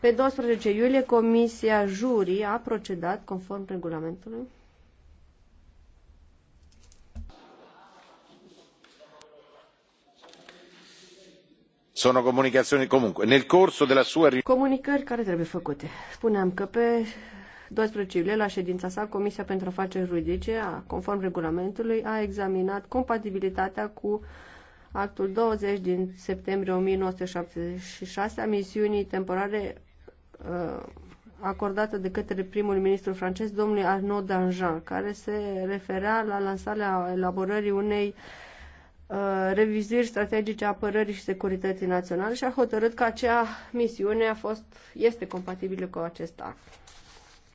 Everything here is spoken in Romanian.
Pe 12 iulie, Comisia Jurii a procedat conform regulamentului. Sono comunicazioni comunque. Nel corso della sua Comunicări care trebuie făcute. Spuneam că pe 12 iulie, la ședința sa, Comisia pentru Afaceri Juridice, a, conform regulamentului, a examinat compatibilitatea cu actul 20 din septembrie 1976 a misiunii temporare Uh, acordată de către primul ministru francez, domnul Arnaud Danjean, care se referea la lansarea elaborării unei reviziri uh, revizuiri strategice a apărării și securității naționale și a hotărât că acea misiune a fost, este compatibilă cu acest act.